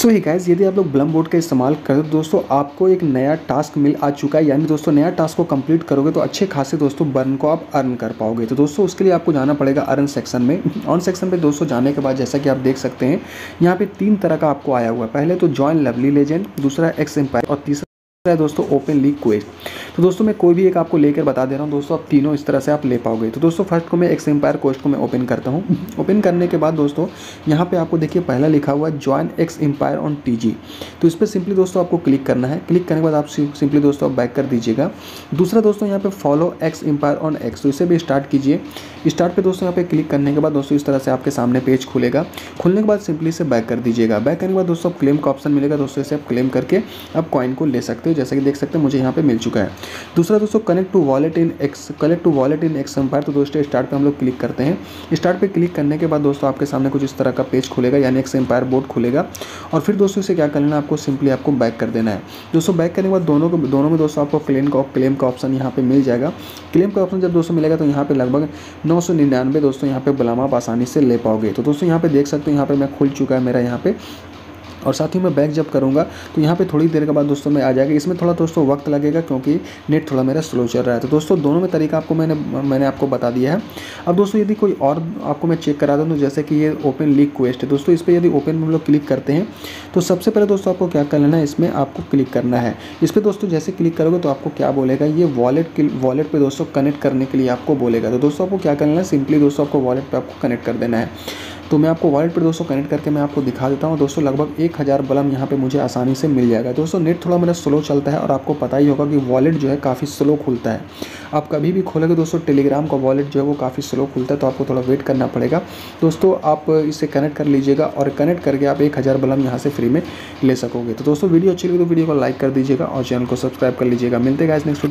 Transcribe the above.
सो hi guys यदि आप लोग ब्लम बोर्ड का इस्तेमाल करें तो दोस्तों आपको एक नया टास्क मिल आ चुका है यानी दोस्तों नया टास्क को कंप्लीट करोगे तो अच्छे खासे दोस्तों बर्न को आप अर्न कर पाओगे तो दोस्तों उसके लिए आपको जाना पड़ेगा अर्न सेक्शन में ऑन सेक्शन पे दोस्तों जाने के बाद जैसा कि आप देख सकते हैं यहाँ पे तीन तरह का आपको आया हुआ है पहले तो ज्वाइन लवली लेजेंड दूसरा एक्स एम्पायर और तीसरा है दोस्तों ओपन लीग क्वेज तो दोस्तों मैं कोई भी एक आपको लेकर बता दे रहा हूँ दोस्तों आप तीनों इस तरह से आप ले पाओगे तो दोस्तों फर्स्ट को मैं एक्स एम्पायर कोस्ट को मैं ओपन करता हूँ ओपन करने के बाद दोस्तों यहाँ पे आपको देखिए पहला लिखा हुआ है join X Empire on TG तो इस पर सिंपली दोस्तों आपको क्लिक करना है क्लिक करने के बाद आप सिंपली दोस्तों आप बैक कर दीजिएगा दूसरा दोस्तों यहाँ पर follow X Empire on X तो इसे भी स्टार्ट कीजिए स्टार्ट पर दोस्तों यहाँ पे क्लिक करने के बाद दोस्तों इस तरह से आपके सामने पेज खुलेगा खुलने के बाद सिंपली से बैक कर दीजिएगा बैक करने के बाद दोस्तों क्लेम का ऑप्शन मिलेगा दोस्तों इसे आप क्लेम करके आप कॉइन को ले सकते हो जैसा कि देख सकते हैं मुझे यहाँ पे मिल चुका है दूसरा दोस्तों connect to wallet in X connect to wallet in X Empire तो दोस्तों स्टार्ट पर हम लोग क्लिक करते हैं स्टार्ट पर क्लिक करने के बाद दोस्तों आपके सामने कुछ इस तरह का पेज खुलेगा यानी एक्स एम्पायर बोर्ड खुलेगा और फिर दोस्तों इसे क्या करना है आपको सिंपली आपको बैक कर देना है दोस्तों बैक करने के बाद दोनों दोनों में दोस्तों आपको क्लेम का क्लेम का ऑप्शन यहाँ पर मिल जाएगा क्लेम का ऑप्शन जब दोस्तों मिलेगा तो यहाँ पर लगभग नौ दोस्तों यहाँ पर बुलामा आप आसानी से ले पाओगे तो दोस्तों यहाँ पर देख सकते हो यहाँ पर मैं खुल चुका है मेरा यहाँ पर और साथ ही मैं बैक जब करूँगा तो यहाँ पे थोड़ी देर के बाद दोस्तों मैं आ जाएगा इसमें थोड़ा दोस्तों वक्त लगेगा क्योंकि नेट थोड़ा मेरा स्लो चल रहा है तो दोस्तों दोनों में तरीका आपको मैंने मैंने आपको बता दिया है अब दोस्तों यदि कोई और आपको मैं चेक करा दूँ तो जैसे कि ये ओपन लीक क्वेस्ट है दोस्तों इस पर यदि ओपन हम लोग क्लिक करते हैं तो सबसे पहले दोस्तों आपको क्या कर लेना है इसमें आपको क्लिक करना है इस पर दोस्तों जैसे क्लिक करोगे तो आपको क्या बोलेगा ये वॉलेट वॉलेट पर दोस्तों कनेक्ट करने के लिए आपको बोलेगा तो दोस्तों आपको क्या लेना है सिंपली दोस्तों आपको वॉलेट पर आपको कनेक्ट कर देना है तो मैं आपको वॉलेट पर दोस्तों कनेक्ट करके मैं आपको दिखा देता हूँ दोस्तों लगभग एक हज़ार बलम यहाँ पे मुझे आसानी से मिल जाएगा दोस्तों नेट थोड़ा मेरा स्लो चलता है और आपको पता ही होगा कि वॉलेट जो है काफ़ी स्लो खुलता है आप कभी भी खोलेंगे दोस्तों टेलीग्राम का वॉलेट जो है वो काफ़ी स्लो खुलता है तो आपको थोड़ा वेट करना पड़ेगा दोस्तों आप इसे कनेक्ट कर लीजिएगा और कनेक्ट करके आप एक हज़ार बलम यहाँ से फ्री में ले सकोगे तो दोस्तों वीडियो अच्छी लगी तो वीडियो को लाइक कर दीजिएगा और चैनल को सब्सक्राइब कर लीजिएगा मिलते गाइस नेक्स्ट